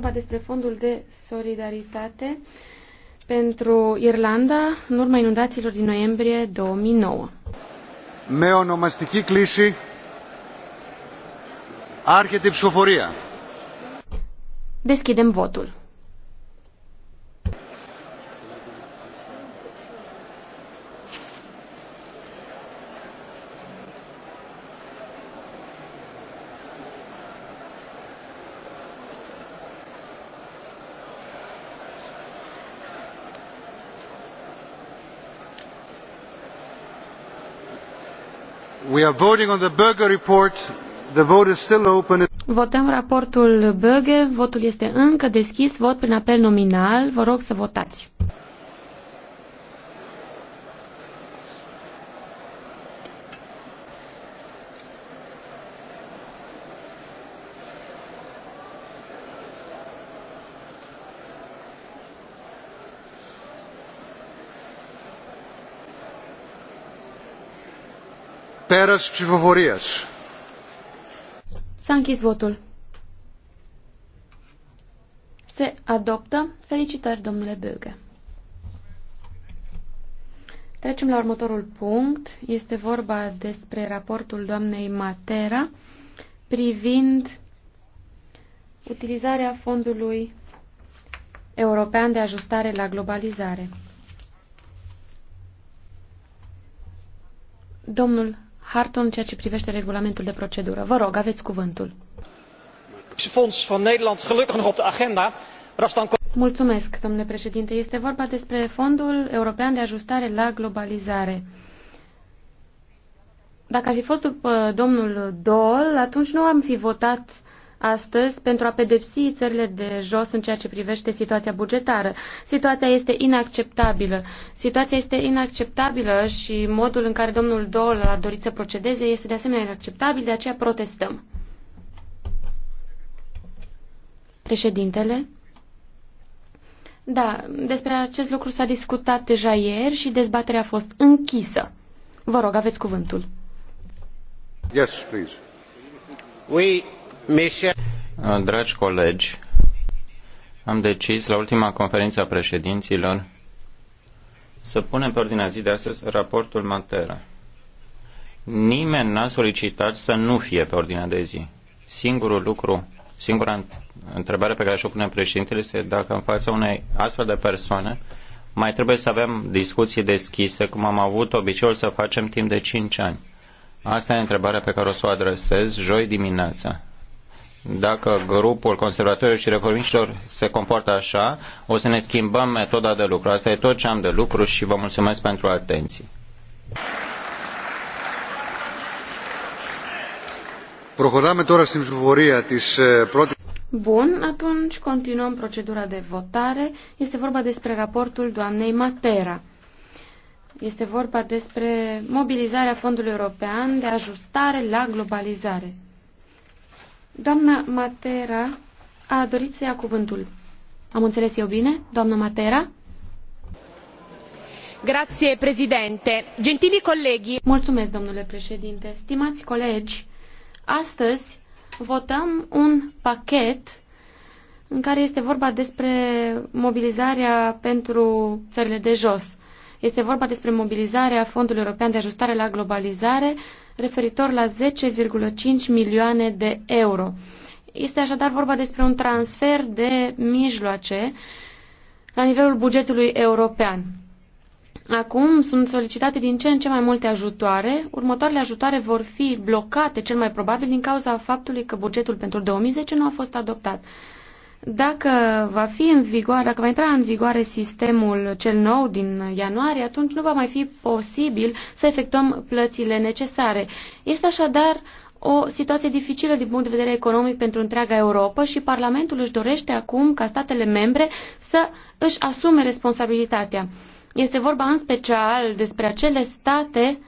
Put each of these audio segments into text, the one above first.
vorba despre fondul de solidaritate pentru Irlanda în urma inundațiilor din noiembrie 2009. Με ονομαστική κλίση άρχεται ψηφοφορία. Deschidem votul. Votăm raportul Böge, votul este încă deschis, vot prin apel nominal, vă rog să votați. Πέρας ψηφοφορίας. S-a închis votul. Se adoptă. Felicitări, domnule Böge. Trecem la următorul punct. Este vorba despre raportul doamnei Matera privind utilizarea fondului european de ajustare la globalizare. Domnul Harton ceea ce privește regulamentul de procedură. Vă rog, aveți cuvântul. Mulțumesc, domnule președinte. Este vorba despre Fondul European de Ajustare la Globalizare. Dacă ar fi fost după domnul Dol, atunci nu am fi votat astăzi pentru a pedepsi țările de jos în ceea ce privește situația bugetară. Situația este inacceptabilă. Situația este inacceptabilă și modul în care domnul Dol a dorit să procedeze este de asemenea inacceptabil, de aceea protestăm. Președintele? Da, despre acest lucru s-a discutat deja ieri și dezbaterea a fost închisă. Vă rog, aveți cuvântul. Yes, please. We Dragi colegi, am decis la ultima conferință a președinților să punem pe ordinea zi de astăzi raportul Matera. Nimeni n-a solicitat să nu fie pe ordinea de zi. Singurul lucru, singura întrebare pe care aș o pune președintele este dacă în fața unei astfel de persoane mai trebuie să avem discuții deschise, cum am avut obiceiul să facem timp de cinci ani. Asta e întrebarea pe care o să o adresez joi dimineața dacă grupul conservatorilor și reformiștilor se comportă așa, o să ne schimbăm metoda de lucru. Asta e tot ce am de lucru și vă mulțumesc pentru atenție. Προχωράμε τώρα στην ψηφοφορία της πρώτης... Bun, atunci continuăm procedura de votare. Este vorba despre raportul doamnei Matera. Este vorba despre mobilizarea Fondului European de ajustare la globalizare. Doamna Matera a dorit să ia cuvântul. Am înțeles eu bine, doamna Matera? Grazie, președinte. Gentili colegi. Mulțumesc, domnule președinte. Stimați colegi, astăzi votăm un pachet în care este vorba despre mobilizarea pentru țările de jos. Este vorba despre mobilizarea Fondului European de Ajustare la Globalizare referitor la 10,5 milioane de euro. Este așadar vorba despre un transfer de mijloace la nivelul bugetului european. Acum sunt solicitate din ce în ce mai multe ajutoare. Următoarele ajutoare vor fi blocate cel mai probabil din cauza faptului că bugetul pentru 2010 nu a fost adoptat. Dacă va fi în vigoare, dacă va intra în vigoare sistemul cel nou din ianuarie, atunci nu va mai fi posibil să efectuăm plățile necesare. Este așadar o situație dificilă din punct de vedere economic pentru întreaga Europa și Parlamentul își dorește acum ca statele membre să își asume responsabilitatea. Este vorba în special despre acele state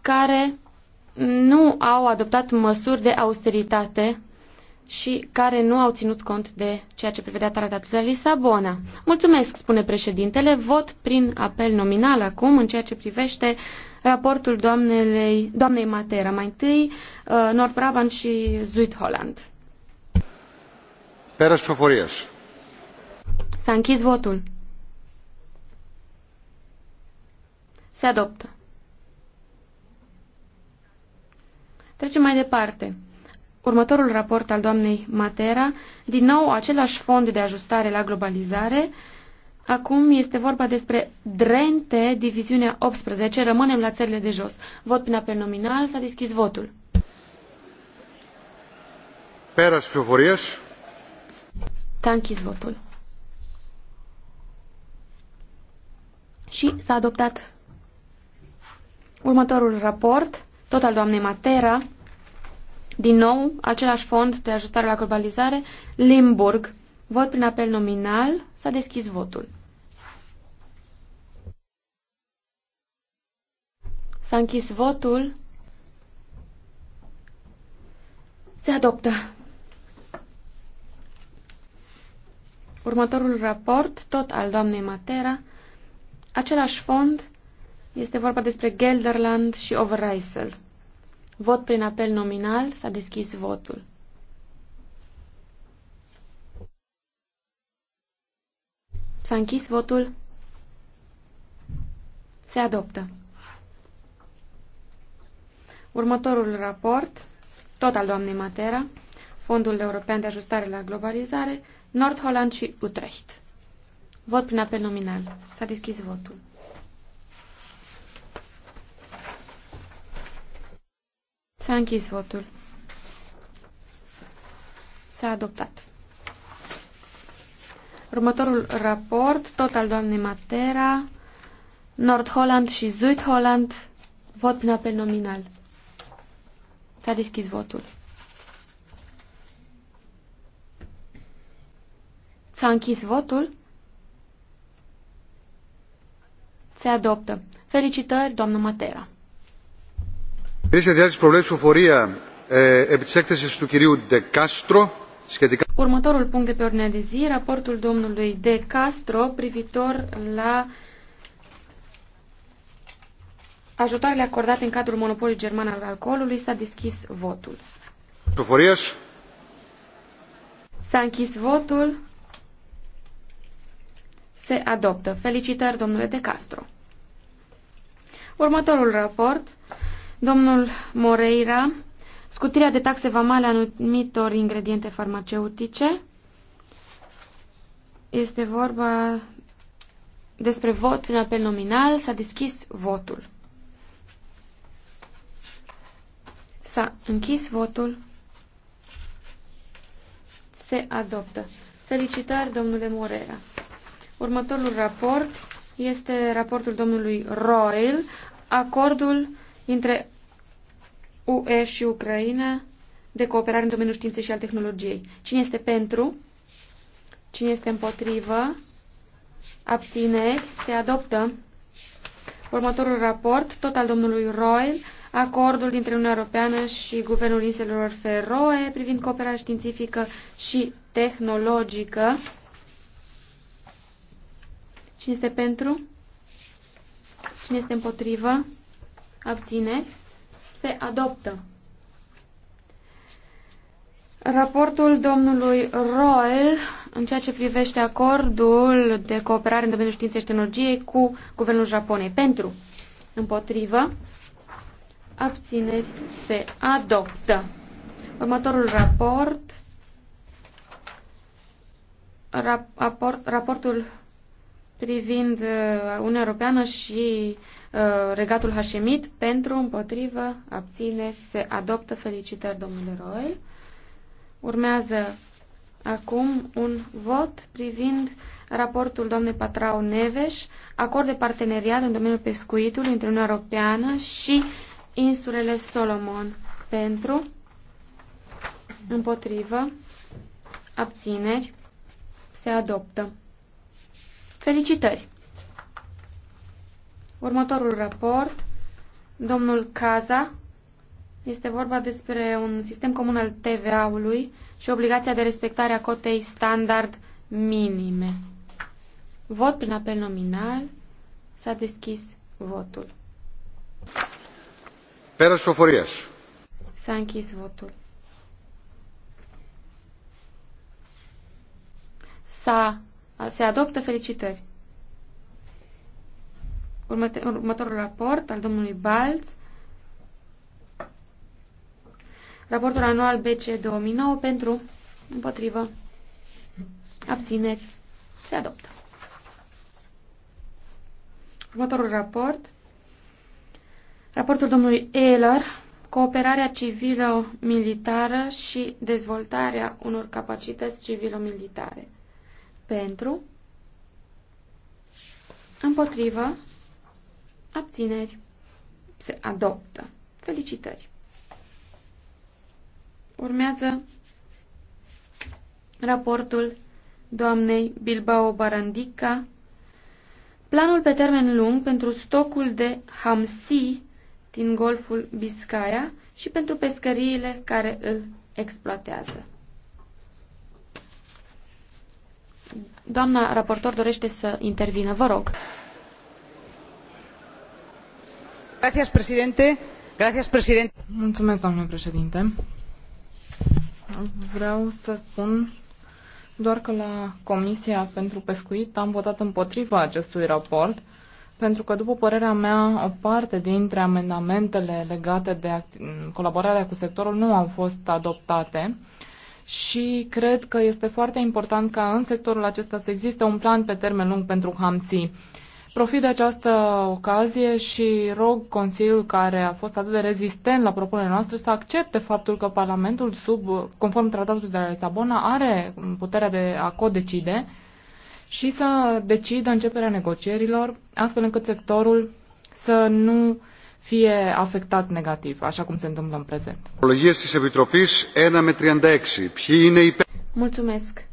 care nu au adoptat măsuri de austeritate și care nu au ținut cont de ceea ce prevedea tratatul de Lisabona. Mulțumesc, spune președintele, vot prin apel nominal acum în ceea ce privește raportul doamnelei, doamnei Matera, mai întâi uh, Nord-Brabant și Zuid-Holland. Peres Foforias. S-a închis votul. Se adoptă. Trecem mai departe. Următorul raport al doamnei Matera, din nou același fond de ajustare la globalizare. Acum este vorba despre Drente, diviziunea 18. Rămânem la țările de jos. Vot prin apel nominal. S-a deschis votul. Peras Fiovorias. S-a închis votul. Și s-a adoptat următorul raport, tot al doamnei Matera, din nou, același fond de ajustare la globalizare, Limburg. Vot prin apel nominal. S-a deschis votul. S-a închis votul. Se adoptă. Următorul raport, tot al doamnei Matera, același fond, este vorba despre Gelderland și Overijssel. Vot prin apel nominal. S-a deschis votul. S-a închis votul. Se adoptă. Următorul raport, tot al doamnei Matera, Fondul European de Ajustare la Globalizare, Nord Holland și Utrecht. Vot prin apel nominal. S-a deschis votul. S-a închis votul. S-a adoptat. Următorul raport, tot al doamnei Matera, Nord-Holland și Zuid-Holland, vot prin apel nominal. S-a deschis votul. S-a închis votul. Se adoptă. Felicitări, doamnă Matera. Următorul punct de pe ordinea de zi, raportul domnului De Castro privitor la ajutoarele acordate în cadrul monopolului german al alcoolului. S-a deschis votul. S-a închis votul. Se adoptă. Felicitări, domnule De Castro. Următorul raport Domnul Moreira, scutirea de taxe vamale anumitor ingrediente farmaceutice. Este vorba despre vot prin apel nominal. S-a deschis votul. S-a închis votul. Se adoptă. Felicitări, domnule Moreira. Următorul raport este raportul domnului Royal, acordul între UE și Ucraina de cooperare în domeniul științei și al tehnologiei. Cine este pentru? Cine este împotrivă? Abțineri? Se adoptă. Următorul raport, tot al domnului Royal, acordul dintre Uniunea Europeană și Guvernul Inselor Feroe privind cooperarea științifică și tehnologică. Cine este pentru? Cine este împotrivă? abțineri, se adoptă. Raportul domnului Roel în ceea ce privește acordul de cooperare în domeniul științei și tehnologiei cu Guvernul Japonei. Pentru, împotrivă, abțineri, se adoptă. Următorul raport, raport raportul privind uh, Uniunea Europeană și Uh, regatul Hașemit pentru, împotrivă, abțineri, se adoptă. Felicitări, domnule Roel. Urmează acum un vot privind raportul domnului Patrau Neveș, acord de parteneriat în domeniul pescuitului între Uniunea Europeană și insulele Solomon pentru, împotrivă, abțineri, se adoptă. Felicitări! Următorul raport, domnul Caza, este vorba despre un sistem comun al TVA-ului și obligația de respectare a cotei standard minime. Vot prin apel nominal. S-a deschis votul. Peres Foforias. S-a închis votul. S-a, se adoptă felicitări următe, următorul raport al domnului Balz, raportul anual BC 2009 pentru, împotrivă, abțineri, se adoptă. Următorul raport, raportul domnului Ehler, cooperarea civilo-militară și dezvoltarea unor capacități civilo-militare. Pentru, împotrivă, abțineri, se adoptă. Felicitări! Urmează raportul doamnei Bilbao Barandica, planul pe termen lung pentru stocul de hamsi din golful Biscaya și pentru pescăriile care îl exploatează. Doamna raportor dorește să intervină. Vă rog. Mulțumesc, președinte. Vreau să spun doar că la Comisia pentru Pescuit am votat împotriva acestui raport, pentru că, după părerea mea, o parte dintre amendamentele legate de colaborarea cu sectorul nu au fost adoptate și cred că este foarte important ca în sectorul acesta să existe un plan pe termen lung pentru Hamsi Profit de această ocazie și rog Consiliul care a fost atât de rezistent la propunerea noastră să accepte faptul că Parlamentul, sub, conform tratatului de la Lisabona, are puterea de a codecide și să decidă începerea negocierilor, astfel încât sectorul să nu fie afectat negativ, așa cum se întâmplă în prezent. Mulțumesc.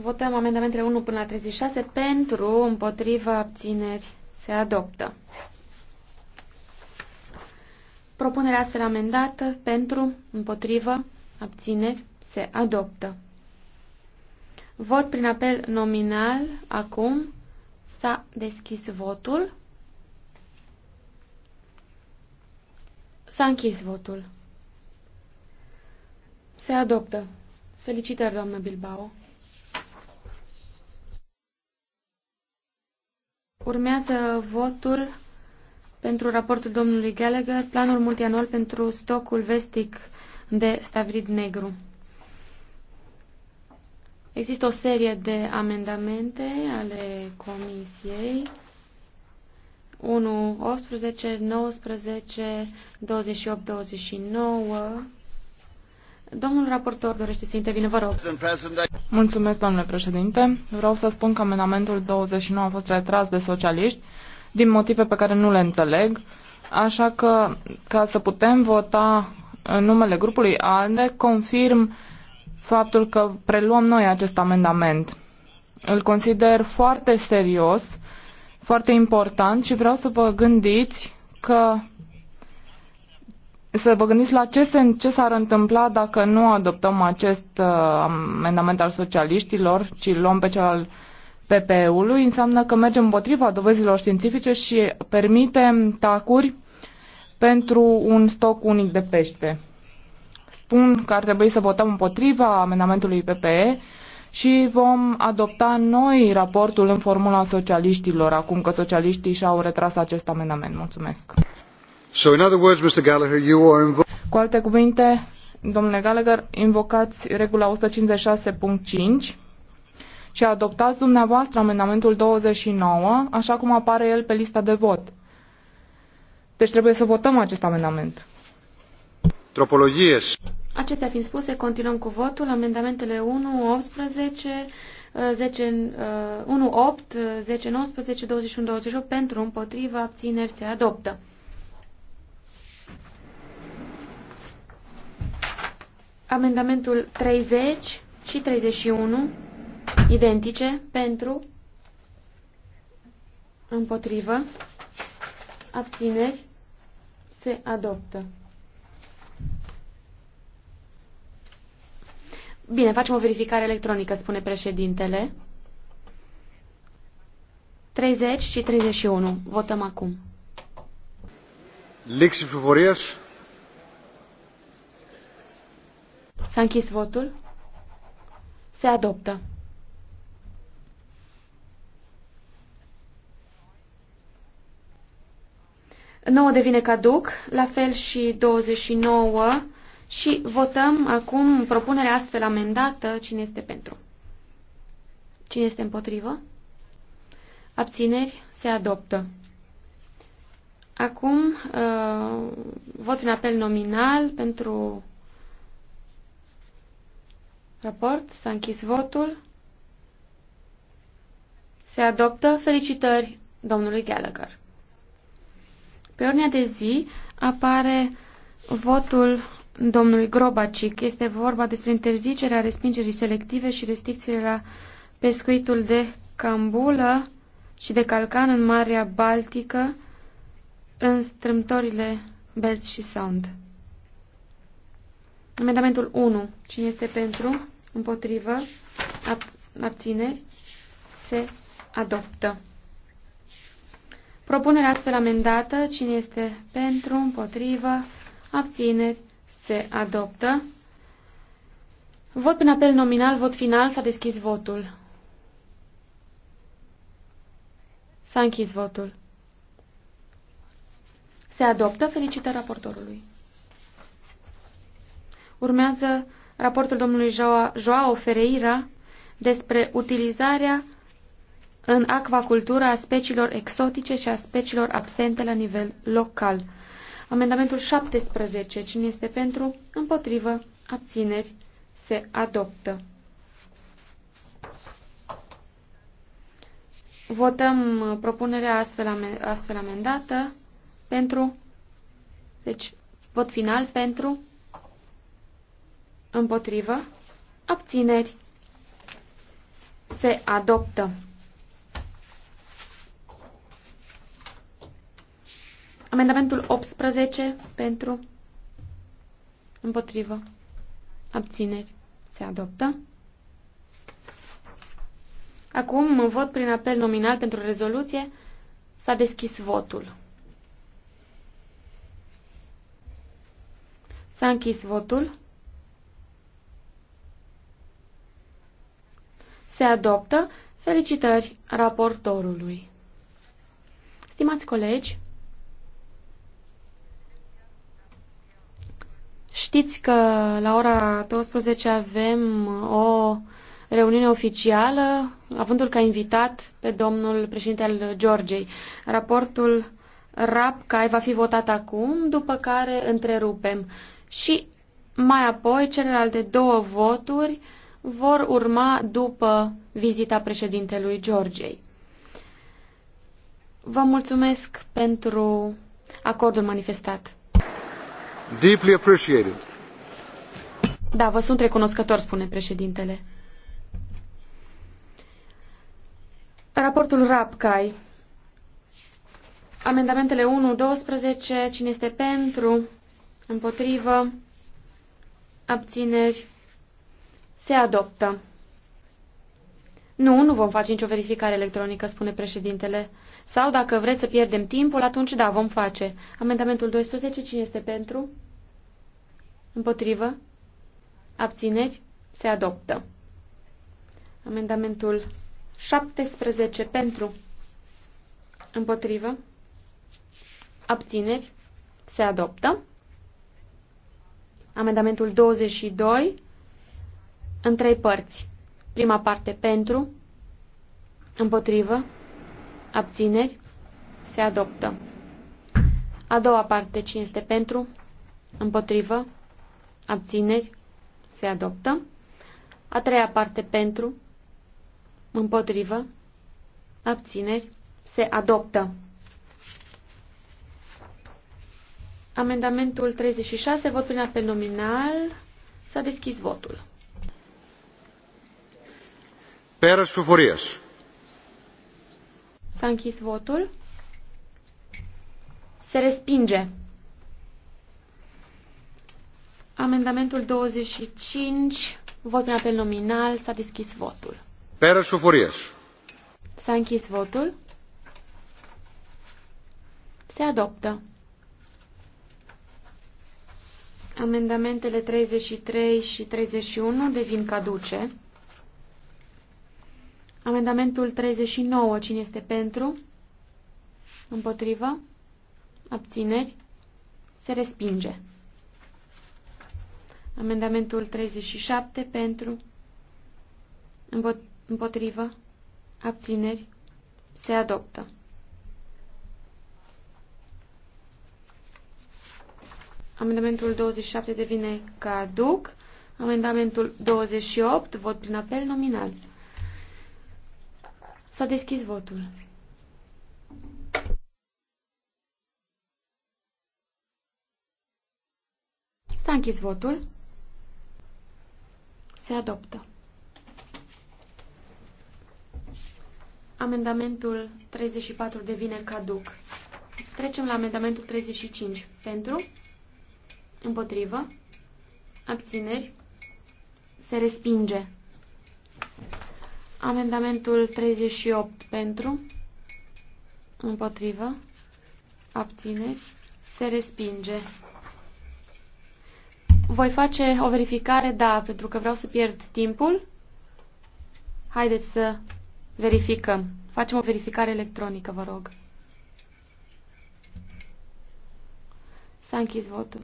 Votăm amendamentele 1 până la 36 pentru, împotriva, abțineri, se adoptă. Propunerea astfel amendată pentru, împotrivă, abțineri, se adoptă. Vot prin apel nominal. Acum s-a deschis votul. S-a închis votul. Se adoptă. Felicitări, doamnă Bilbao. Urmează votul pentru raportul domnului Gallagher, planul multianual pentru stocul vestic de stavrid negru. Există o serie de amendamente ale Comisiei. 1, 18, 19, 28, 29. Domnul raportor dorește să intervine vă rog. Mulțumesc, domnule președinte. Vreau să spun că amendamentul 29 a fost retras de socialiști din motive pe care nu le înțeleg, așa că ca să putem vota în numele grupului ALDE, confirm faptul că preluăm noi acest amendament. Îl consider foarte serios, foarte important și vreau să vă gândiți că să vă gândiți la ce, se, ce s-ar întâmpla dacă nu adoptăm acest uh, amendament al socialiștilor, ci luăm pe cel al PPE-ului, înseamnă că mergem împotriva dovezilor științifice și permitem tacuri pentru un stoc unic de pește. Spun că ar trebui să votăm împotriva amendamentului PPE și vom adopta noi raportul în formula socialiștilor, acum că socialiștii și-au retras acest amendament. Mulțumesc! Cu alte cuvinte, domnule Gallagher, invocați regula 156.5 și adoptați dumneavoastră amendamentul 29, așa cum apare el pe lista de vot. Deci trebuie să votăm acest amendament. Tropologies. Acestea fiind spuse, continuăm cu votul. Amendamentele 1, 18, 10, 1, 8, 10, 19, 21, 28 pentru, împotriva, abțineri se adoptă. Amendamentul 30 și 31, identice, pentru, împotrivă, abțineri, se adoptă. Bine, facem o verificare electronică, spune președintele. 30 și 31. Votăm acum. Λήξη ψηφοφορίας. S-a închis votul. Se adoptă. Nouă devine caduc, la fel și 29 și votăm acum propunerea astfel amendată. Cine este pentru? Cine este împotrivă? Abțineri? Se adoptă. Acum, uh, vot prin apel nominal pentru Raport. S-a închis votul. Se adoptă. Felicitări domnului Gallagher. Pe ordinea de zi apare votul domnului Grobacic. Este vorba despre interzicerea respingerii selective și restricțiile la pescuitul de cambulă și de calcan în Marea Baltică în strâmtorile Belt și Sound. Amendamentul 1. Cine este pentru? împotrivă, ab abțineri, se adoptă. Propunerea astfel amendată, cine este pentru, împotrivă, abțineri, se adoptă. Vot prin apel nominal, vot final, s-a deschis votul. S-a închis votul. Se adoptă. Felicitări raportorului. Urmează raportul domnului Joao Ferreira despre utilizarea în acvacultură a speciilor exotice și a speciilor absente la nivel local. Amendamentul 17. Cine este pentru? Împotrivă. Abțineri. Se adoptă. Votăm uh, propunerea astfel, astfel amendată pentru, deci vot final pentru, Împotrivă. Abțineri. Se adoptă. Amendamentul 18 pentru împotrivă abțineri se adoptă. Acum mă vot prin apel nominal pentru rezoluție. S-a deschis votul. S-a închis votul. Se adoptă. Felicitări raportorului. Stimați colegi, știți că la ora 12 avem o reuniune oficială, avândul ca invitat pe domnul președinte al Georgiei. Raportul RAPCAI va fi votat acum, după care întrerupem. Și mai apoi celelalte două voturi vor urma după vizita președintelui Georgiei. Vă mulțumesc pentru acordul manifestat. Deeply appreciated. Da, vă sunt recunoscător, spune președintele. Raportul RAPCAI. Amendamentele 1, 12, cine este pentru, împotrivă, abțineri, se adoptă. Nu, nu vom face nicio verificare electronică, spune președintele. Sau, dacă vreți să pierdem timpul, atunci da, vom face. Amendamentul 12, cine este pentru? Împotrivă? Abțineri? Se adoptă. Amendamentul 17 pentru? Împotrivă? Abțineri? Se adoptă. Amendamentul 22 în trei părți. Prima parte pentru, împotrivă, abțineri, se adoptă. A doua parte, cine este pentru, împotrivă, abțineri, se adoptă. A treia parte, pentru, împotrivă, abțineri, se adoptă. Amendamentul 36, vot prin apel nominal, s-a deschis votul. Πέρας ψηφοφορίας. S-a închis votul. Se respinge. Amendamentul 25, vot în apel nominal, s-a deschis votul. Pérez Sufurias. S-a închis votul. Se adoptă. Amendamentele 33 și 31 devin caduce. Amendamentul 39. Cine este pentru? Împotrivă? Abțineri? Se respinge. Amendamentul 37. Pentru? Împotrivă? Abțineri? Se adoptă. Amendamentul 27 devine caduc. Amendamentul 28, vot prin apel nominal. S-a deschis votul. S-a închis votul. Se adoptă. Amendamentul 34 devine caduc. Trecem la amendamentul 35. Pentru? Împotrivă? Abțineri? Se respinge. Amendamentul 38 pentru, împotrivă, abțineri, se respinge. Voi face o verificare, da, pentru că vreau să pierd timpul. Haideți să verificăm. Facem o verificare electronică, vă rog. S-a închis votul.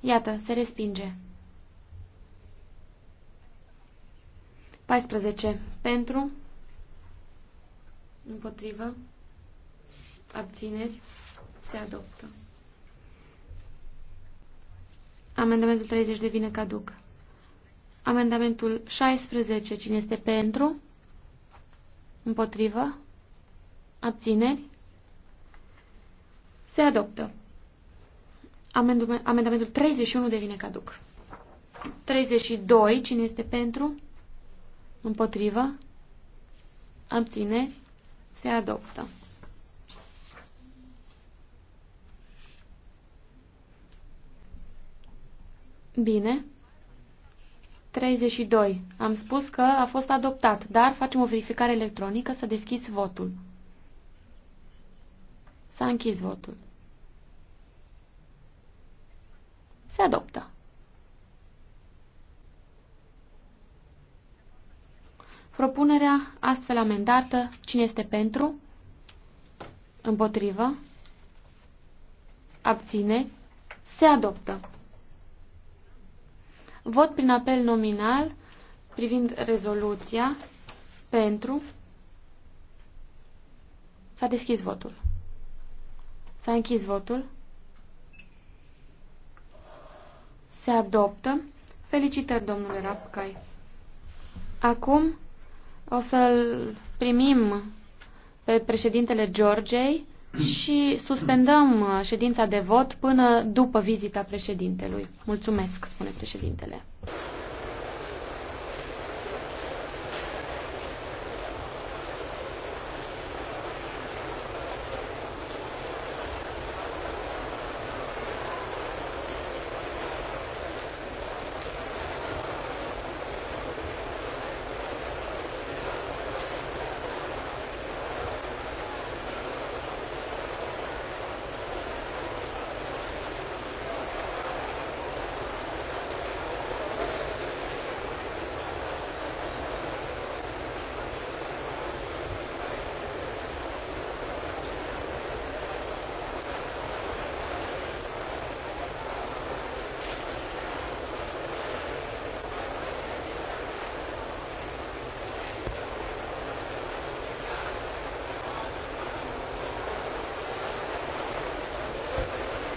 Iată, se respinge. 14. Pentru. Împotrivă. Abțineri. Se adoptă. Amendamentul 30 devine caduc. Amendamentul 16. Cine este pentru? Împotrivă? Abțineri? Se adoptă. Amendamentul 31 devine caduc. 32. Cine este pentru? Împotrivă? Abțineri? Se adoptă. Bine. 32. Am spus că a fost adoptat, dar facem o verificare electronică să deschis votul. S-a închis votul. Se adoptă. Propunerea astfel amendată, cine este pentru? Împotrivă? Abține? Se adoptă. Vot prin apel nominal privind rezoluția pentru. S-a deschis votul. S-a închis votul. Se adoptă. Felicitări, domnule Rapcai. Acum o să-l primim pe președintele Georgei și suspendăm ședința de vot până după vizita președintelui. Mulțumesc, spune președintele.